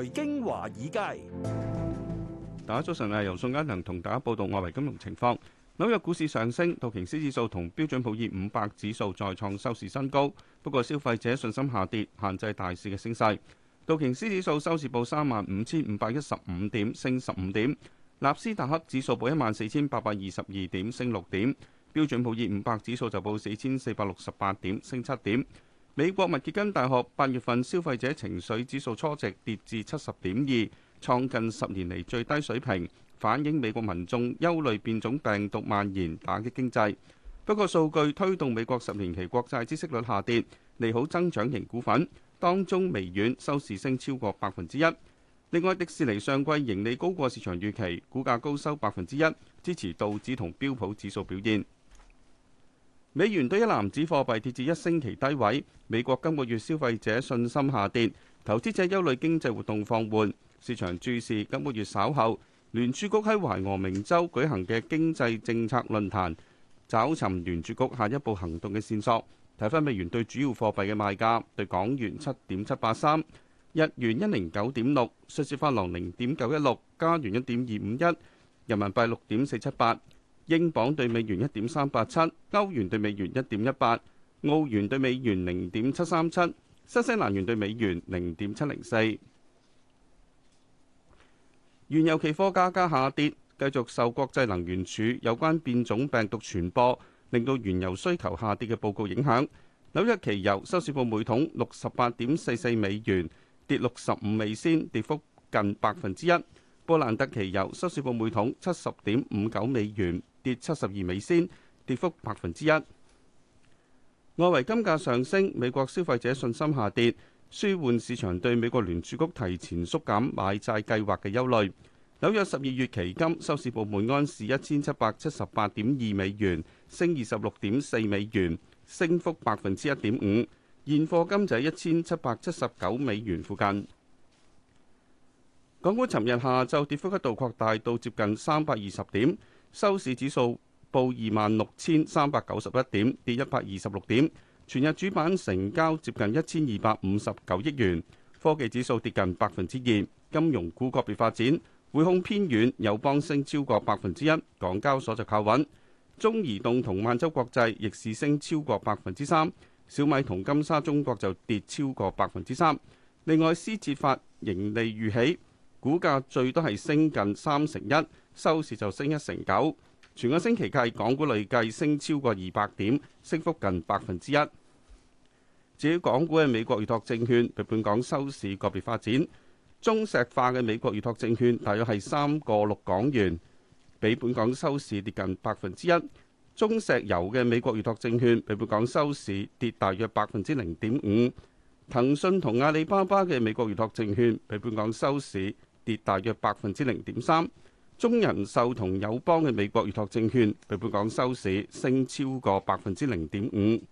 財經華爾街，大家早晨啊！由宋嘉良同大家報道外圍金融情況。紐約股市上升，道瓊斯指數同標準普爾五百指數再創收市新高。不過消費者信心下跌，限制大市嘅升勢。道瓊斯指數收市報三萬五千五百一十五點，升十五點。納斯達克指數報一萬四千八百二十二點，升六點。標準普爾五百指數就報四千四百六十八點，升七點。美國密歇根大學八月份消費者情緒指數初值跌至七十點二，創近十年嚟最低水平，反映美國民眾憂慮變種病毒蔓延打擊經濟。不過數據推動美國十年期國債孳息率下跌，利好增長型股份，當中微軟收市升超過百分之一。另外，迪士尼上季盈利高過市場預期，股價高收百分之一，支持道指同標普指數表現。美元兌一籃子貨幣跌至一星期低位。美國今個月消費者信心下跌，投資者憂慮經濟活動放緩。市場注視今個月稍後聯儲局喺懷俄明州舉行嘅經濟政策論壇，找尋聯儲局下一步行動嘅線索。睇返美元對主要貨幣嘅賣價：對港元七點七八三，日元一零九點六，瑞士法郎零點九一六，加元一點二五一，人民幣六點四七八。英鎊兌美元一點三八七，歐元兌美元一點一八，澳元兌美元零點七三七，新西蘭元兌美元零點七零四。原油期貨價格下跌，繼續受國際能源署有關變種病毒傳播，令到原油需求下跌嘅報告影響。紐約期油收市報每桶六十八點四四美元，跌六十五美仙，跌幅近百分之一。布蘭特期油收市報每桶七十點五九美元，跌七十二美仙，跌幅百分之一。外圍金價上升，美國消費者信心下跌，舒緩市場對美國聯儲局提前縮減買債計劃嘅憂慮。紐約十二月期金收市報每安士一千七百七十八點二美元，升二十六點四美元，升幅百分之一點五。現貨金就喺一千七百七十九美元附近。港股尋日下晝跌幅一度，度擴大到接近三百二十點，收市指數報二萬六千三百九十一點，跌一百二十六點。全日主板成交接近一千二百五十九億元，科技指數跌近百分之二。金融股個別發展，匯控偏軟，友邦升超過百分之一，港交所就靠穩。中移動同萬洲國際逆市升超過百分之三，小米同金沙中國就跌超過百分之三。另外法，思捷發盈利預喜。股價最多係升近三成一，收市就升一成九。全個星期計，港股累計升超過二百點，升幅近百分之一。至於港股嘅美國預託證券，比本港收市個別發展。中石化嘅美國預託證券大約係三個六港元，比本港收市跌近百分之一。中石油嘅美國預託證券比本港收市跌大約百分之零點五。騰訊同阿里巴巴嘅美國預託證券比本港收市跌大約百分之零點三。中人壽同友邦嘅美國預託證券，喺本港收市升超過百分之零點五。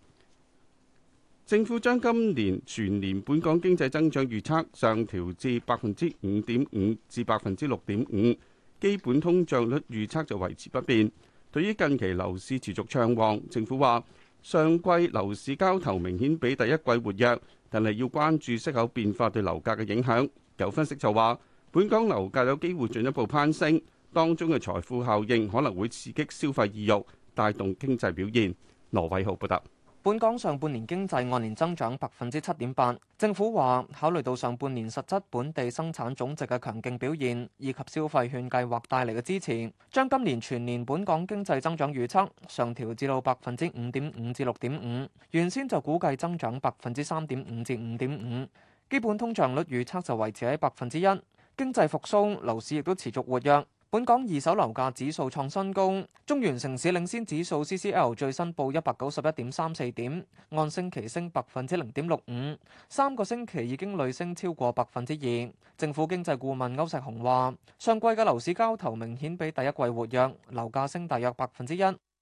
政府將今年全年本港經濟增長預測上調至百分之五點五至百分之六點五，基本通脹率預測就維持不變。對於近期樓市持續暢旺，政府話上季樓市交投明顯比第一季活躍，但係要關注息口變化對樓價嘅影響。有分析就話，本港樓價有機會進一步攀升，當中嘅財富效應可能會刺激消費意欲，帶動經濟表現。羅偉浩報道。本港上半年經濟按年增長百分之七點八。政府話考慮到上半年實質本地生產總值嘅強勁表現，以及消費券計劃帶嚟嘅支持，將今年全年本港經濟增長預測上調至到百分之五點五至六點五。原先就估計增長百分之三點五至五點五，基本通脹率預測就維持喺百分之一。經濟復甦，樓市亦都持續活躍。本港二手樓價指數創新高，中原城市領先指數 CCL 最新報一百九十一點三四點，按星期升百分之零點六五，三個星期已經累升超過百分之二。政府經濟顧問歐石雄話：上季嘅樓市交投明顯比第一季活躍，樓價升大約百分之一。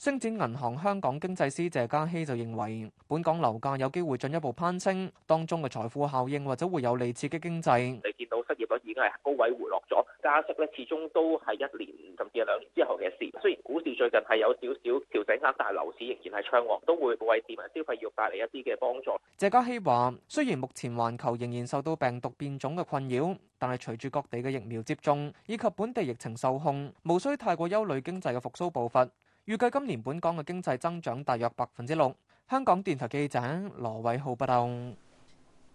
星展銀行香港經濟師謝家熙就認為，本港樓價有機會進一步攀升，當中嘅財富效應或者會有利刺激經濟。你見到失業率已經係高位回落咗，加息咧始終都係一年甚至係兩年之後嘅事。雖然股市最近係有少少調整，但係樓市仍然係暢旺，都會為市民消費欲帶嚟一啲嘅幫助。謝家熙話：雖然目前環球仍然受到病毒變種嘅困擾，但係隨住各地嘅疫苗接種以及本地疫情受控，無需太過憂慮經濟嘅復甦步伐。預計今年本港嘅經濟增長大約百分之六。香港電台記者羅偉浩報道。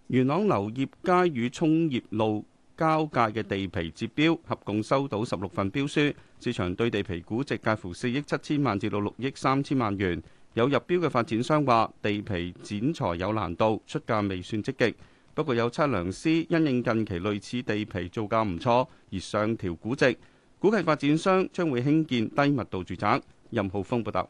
元朗劉業街與衝業路交界嘅地皮截標，合共收到十六份標書。市場對地皮估值介乎四億七千萬至到六億三千萬元。有入標嘅發展商話，地皮剪裁有難度，出價未算積極。不過有測量師因應近期類似地皮造價唔錯而上調估值，估計發展商將會興建低密度住宅。任浩峰報道，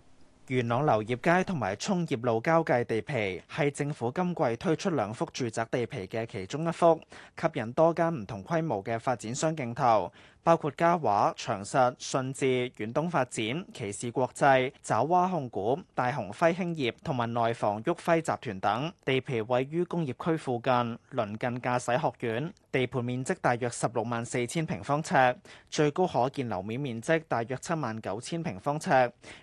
元朗劉業街同埋涌業路交界地皮係政府今季推出兩幅住宅地皮嘅其中一幅，吸引多間唔同規模嘅發展商競投包括嘉華、長實、信置、遠東發展、其士國際、爪哇控股、大鴻輝興業同埋內房旭輝集團等。地皮位於工業區附近，鄰近駕駛學院，地盤面積大約十六萬四千平方尺，最高可建樓面面積大約七萬九千平方尺。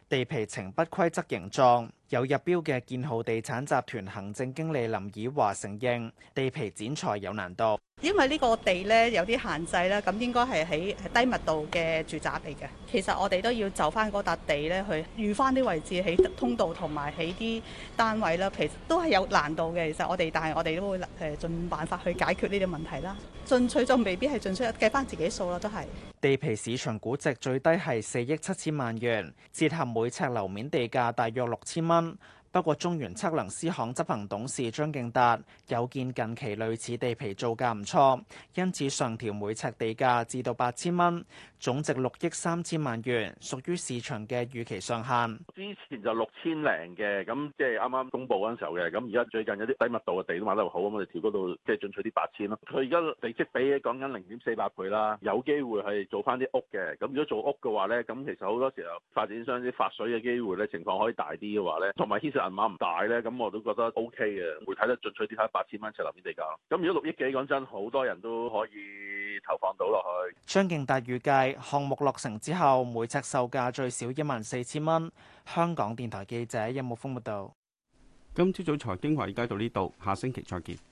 地皮呈不規則形狀，有入標嘅建灝地產集團行政經理林以華承認，地皮剪裁有難度。因為呢個地咧有啲限制啦，咁應該係喺低密度嘅住宅地嘅。其實我哋都要就翻嗰笪地咧去預翻啲位置起通道同埋起啲單位啦。其實都係有難度嘅。其實我哋但係我哋都會誒盡辦法去解決呢啲問題啦。進取就未必係進取，計翻自己數啦。都係。地皮市場估值最低係四億七千萬元，折合每尺樓面地價大約六千蚊。不過，中原測量師行執行董事張敬達有見近期類似地皮造價唔錯，因此上調每呎地價至到八千蚊，總值六億三千萬元，屬於市場嘅預期上限。之前就六千零嘅，咁即係啱啱公布嗰陣時候嘅，咁而家最近有啲低密度嘅地都買得好，咁我哋調高到即係進取啲八千咯。佢而家地積比講緊零點四八倍啦，有機會係做翻啲屋嘅。咁如果做屋嘅話咧，咁其實好多時候發展商啲發水嘅機會咧，情況可以大啲嘅話咧，同埋銀碼唔大咧，咁我都覺得 O K 嘅，媒體都進取啲睇八千蚊尺樓面地價。咁如果六億幾講真，好多人都可以投放到落去。張勁達預計項目落成之後，每尺售價最少一萬四千蚊。香港電台記者任木峯報道。今朝早財經華爾街到呢度，下星期再見。